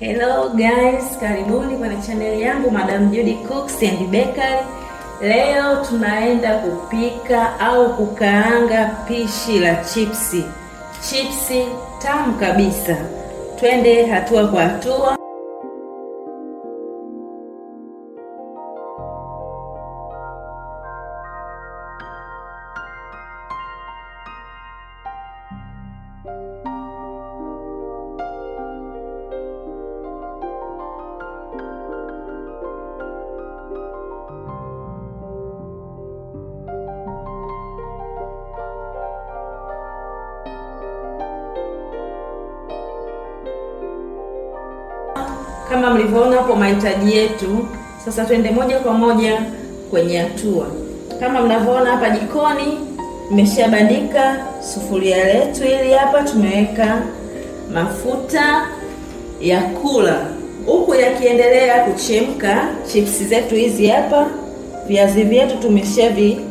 Hello guys, karibuni kwenye chaneli yangu Madam Judy Cooks and Bakery. Leo tunaenda kupika au kukaanga pishi la chipsi, chipsi tamu kabisa. Twende hatua kwa hatua. Kama mlivyoona hapo mahitaji yetu, sasa twende moja kwa moja kwenye hatua. Kama mnavyoona hapa jikoni, nimeshabandika sufuria letu ili hapa, tumeweka mafuta ya kula, huku yakiendelea kuchemka chipsi zetu hizi hapa. Viazi vyetu tumeshavikatakata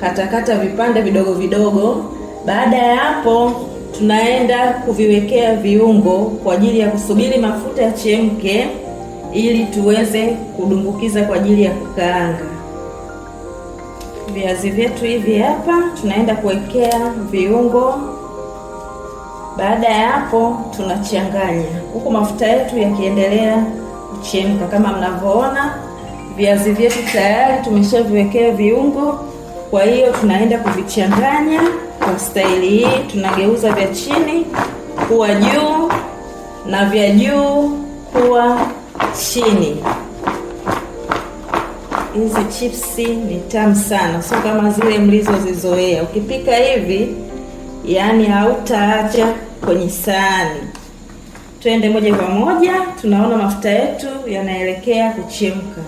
katakata vipande vidogo vidogo. Baada ya hapo tunaenda kuviwekea viungo kwa ajili ya kusubiri mafuta yachemke ili tuweze kudumbukiza kwa ajili ya kukaanga viazi vyetu hivi hapa, tunaenda kuwekea viungo. Baada ya hapo, tunachanganya huku mafuta yetu yakiendelea kuchemka. Kama mnavyoona, viazi vyetu tayari tumeshaviwekea viungo, kwa hiyo tunaenda kuvichanganya. Kwa staili hii tunageuza vya chini kuwa juu na vya juu kuwa chini. Hizi chipsi ni tamu sana, sio kama zile mlizozizoea. Ukipika hivi, yaani hautaacha kwenye sahani. Twende moja kwa moja, tunaona mafuta yetu yanaelekea kuchemka.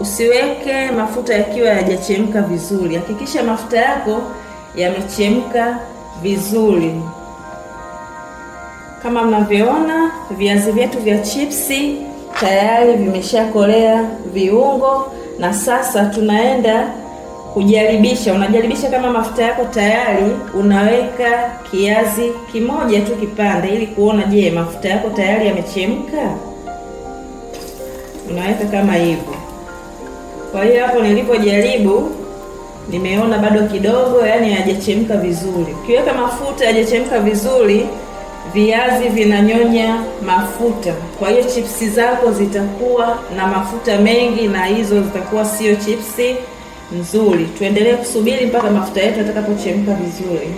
Usiweke mafuta yakiwa yajachemka vizuri, hakikisha mafuta yako yamechemka vizuri. Kama mnavyoona viazi vyetu vya chipsi tayari vimeshakolea viungo, na sasa tunaenda kujaribisha. Unajaribisha kama mafuta yako tayari, unaweka kiazi kimoja tu kipande, ili kuona, je, mafuta yako tayari yamechemka. Unaweka kama hivyo. Kwa hiyo hapo nilipojaribu nimeona bado kidogo, yani hajachemka vizuri. Ukiweka mafuta hajachemka vizuri, viazi vinanyonya mafuta, kwa hiyo chipsi zako zitakuwa na mafuta mengi, na hizo zitakuwa sio chipsi nzuri. Tuendelee kusubiri mpaka mafuta yetu yatakapochemka vizuri.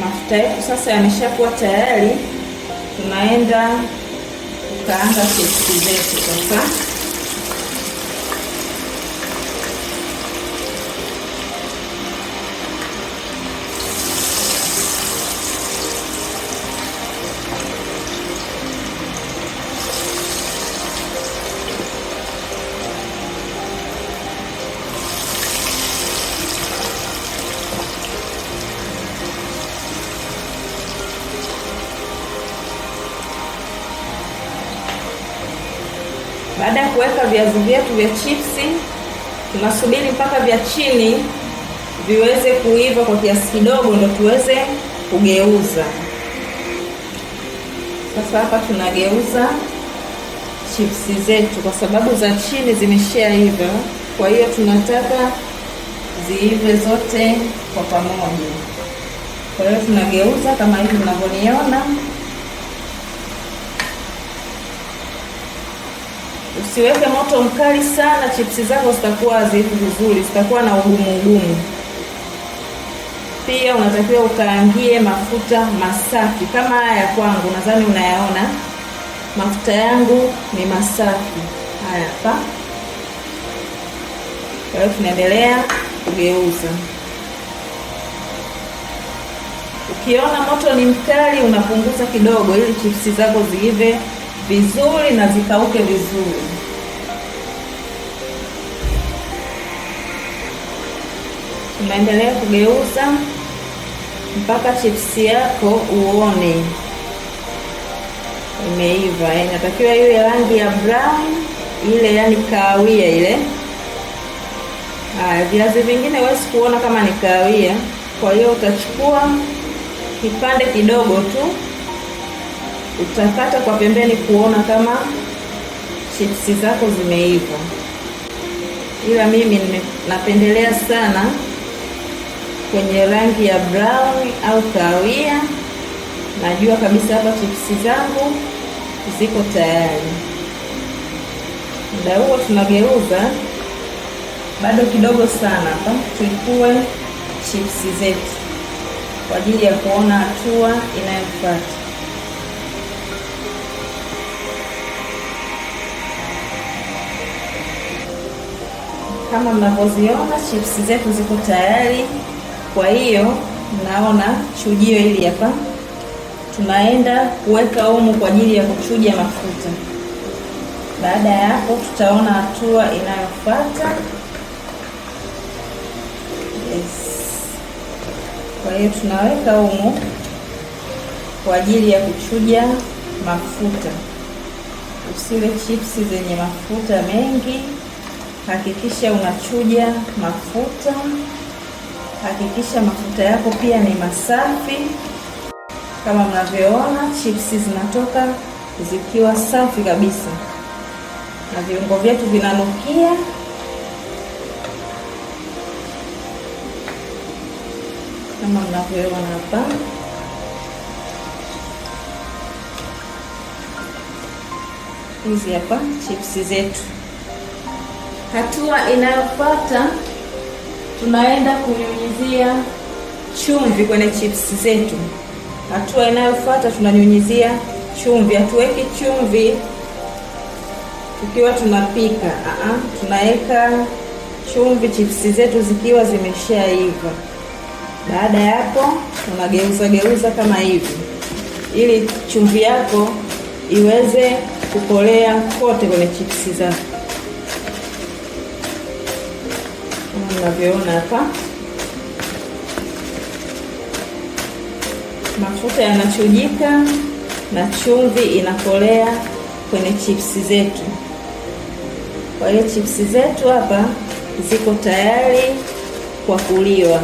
Mafuta yetu sasa yameshakuwa tayari, tunaenda kukaanga chipsi zetu sasa. Baada ya kuweka viazi vyetu vya chipsi, tunasubiri mpaka vya chini viweze kuiva kwa kiasi kidogo, ndo tuweze kugeuza. Sasa hapa tunageuza chipsi zetu, kwa sababu za chini zimeshaiva, kwa hiyo tunataka ziive zote kwa pamoja. Kwa hiyo tunageuza kama hivi mnavyoniona. usiweke moto mkali sana, chipsi zako zitakuwa haziivi vizuri, zitakuwa na ugumu ugumu. Pia unatakiwa ukaangie mafuta masafi kama haya ya kwangu, nadhani unayaona mafuta yangu ni masafi haya hapa. Kwa hiyo tunaendelea kugeuza. Ukiona moto ni mkali, unapunguza kidogo, ili chipsi zako ziive vizuri na zikauke vizuri. tunaendelea kugeuza mpaka chipsi yako uone imeiva. Eh, inatakiwa iwe rangi ya brown ile, yani kahawia ile. Haya, viazi vingine huwezi kuona kama ni kahawia, kwa hiyo utachukua kipande kidogo tu utakata kwa pembeni kuona kama chipsi zako zimeiva, ila mimi napendelea sana kwenye rangi ya brown au kahawia. Najua kabisa hapa chipsi zangu ziko tayari. Muda huo tunageuza bado kidogo sana hapa, tulikuwe chipsi zetu kwa ajili ya kuona hatua inayofuata. Kama mnavyoziona chips zetu ziko tayari. Kwa hiyo naona chujio hili hapa tunaenda kuweka umu kwa ajili ya kuchuja mafuta. Baada ya hapo, tutaona hatua inayofuata. Yes. Kwa hiyo tunaweka umu kwa ajili ya kuchuja mafuta. Usile chipsi zenye mafuta mengi. Hakikisha unachuja mafuta, hakikisha mafuta yako pia ni masafi. Kama mnavyoona chipsi zinatoka zikiwa safi kabisa, na viungo vyetu vinanukia. Kama mnavyoona hapa hizi hapa chipsi zetu. Hatua inayofuata tunaenda kunyunyizia chumvi kwenye chips zetu. Hatua inayofuata tunanyunyizia chumvi. Hatuweki chumvi tukiwa tunapika, uh-uh. Tunaweka chumvi chipsi zetu zikiwa zimeshaiva. Baada ya hapo, tunageuza geuza kama hivi, ili chumvi yako iweze kukolea kote kwenye chipsi zako. tunavyoona hapa. Mafuta yanachujika na chumvi inakolea kwenye chipsi zetu. Kwa hiyo chipsi zetu hapa ziko tayari kwa kuliwa.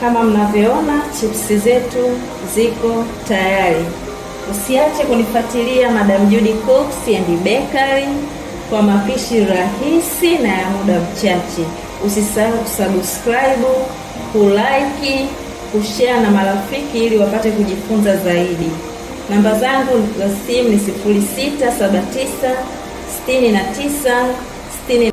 Kama mnavyoona chipsi zetu ziko tayari. Usiache kunifuatilia Madam Judy Cooks and Bakery kwa mapishi rahisi na ya muda mchache. Usisahau kusubscribe, kulike, kushare na marafiki ili wapate kujifunza zaidi. Namba zangu za simu ni 0679 69